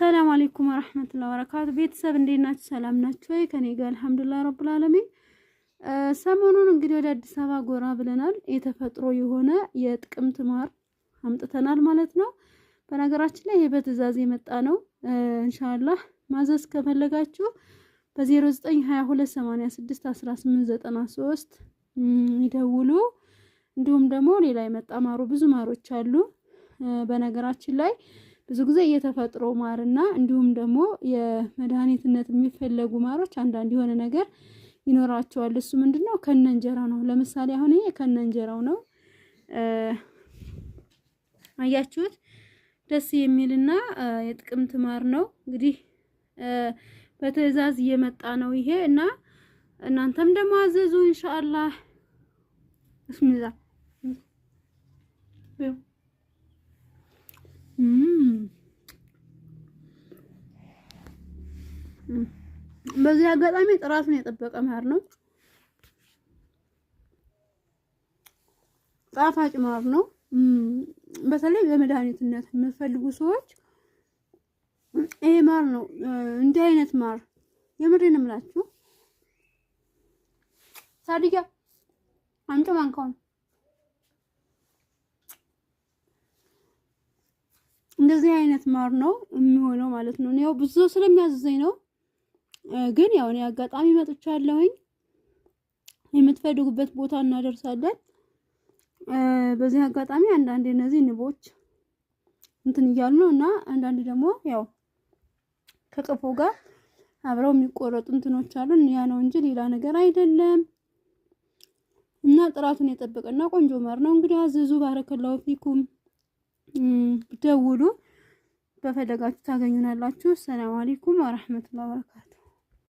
ሰላም አሌይኩም ወራህመቱላሂ ወበረካቱ። ቤተሰብ እንዴት ናችሁ? ሰላም ናችሁ ወይ? ከኔ ጋር አልሐምዱሊላህ ረብል ዓለሚን። ሰሞኑን እንግዲህ ወደ አዲስ አበባ ጎራ ብለናል። የተፈጥሮ የሆነ የጥቅምት ማር አምጥተናል ማለት ነው። በነገራችን ላይ ይሄ በትዕዛዝ የመጣ ነው። ኢንሻአላህ ማዘዝ ከፈለጋችሁ በ0922861893 ይደውሉ። እንዲሁም ደግሞ ሌላ የመጣ ማሩ ብዙ ማሮች አሉ በነገራችን ላይ ብዙ ጊዜ የተፈጥሮ ማርና እንዲሁም ደግሞ የመድኃኒትነት የሚፈለጉ ማሮች አንዳንድ የሆነ ነገር ይኖራቸዋል። እሱ ምንድን ነው? ከነ እንጀራው ነው። ለምሳሌ አሁን ይሄ ከነ እንጀራው ነው። አያችሁት? ደስ የሚልና የጥቅምት ማር ነው። እንግዲህ በትዕዛዝ እየመጣ ነው ይሄ እና እናንተም ደግሞ አዘዙ ኢንሻአላህ ብስሚላ በዚህ አጋጣሚ ጥራቱን የጠበቀ ማር ነው። ጣፋጭ ማር ነው። በተለይ በመድኃኒትነት የምትፈልጉ ሰዎች ይሄ ማር ነው። እንዲህ አይነት ማር የምሬን እምላችሁ ሳድያ አንተ ማንካውን እንደዚህ አይነት ማር ነው የሚሆነው ማለት ነው። ያው ብዙ ስለሚያዘዘኝ ነው ግን ያው እኔ አጋጣሚ መጥቻለሁኝ። የምትፈልጉበት ቦታ እናደርሳለን። በዚህ አጋጣሚ አንዳንድ እነዚህ ንቦች እንትን እያሉ ነው እና አንዳንድ ደግሞ ያው ከቀፎ ጋር አብረው የሚቆረጡ እንትኖች አሉ። ያ ነው እንጂ ሌላ ነገር አይደለም። እና ጥራቱን የጠበቀና ቆንጆ ማር ነው። እንግዲህ አዝዙ። ባረከላው ፊኩም ደውሉ፣ በፈለጋችሁ ታገኙናላችሁ። ሰላም አለይኩም ወራህመቱላሂ ወበረካቱ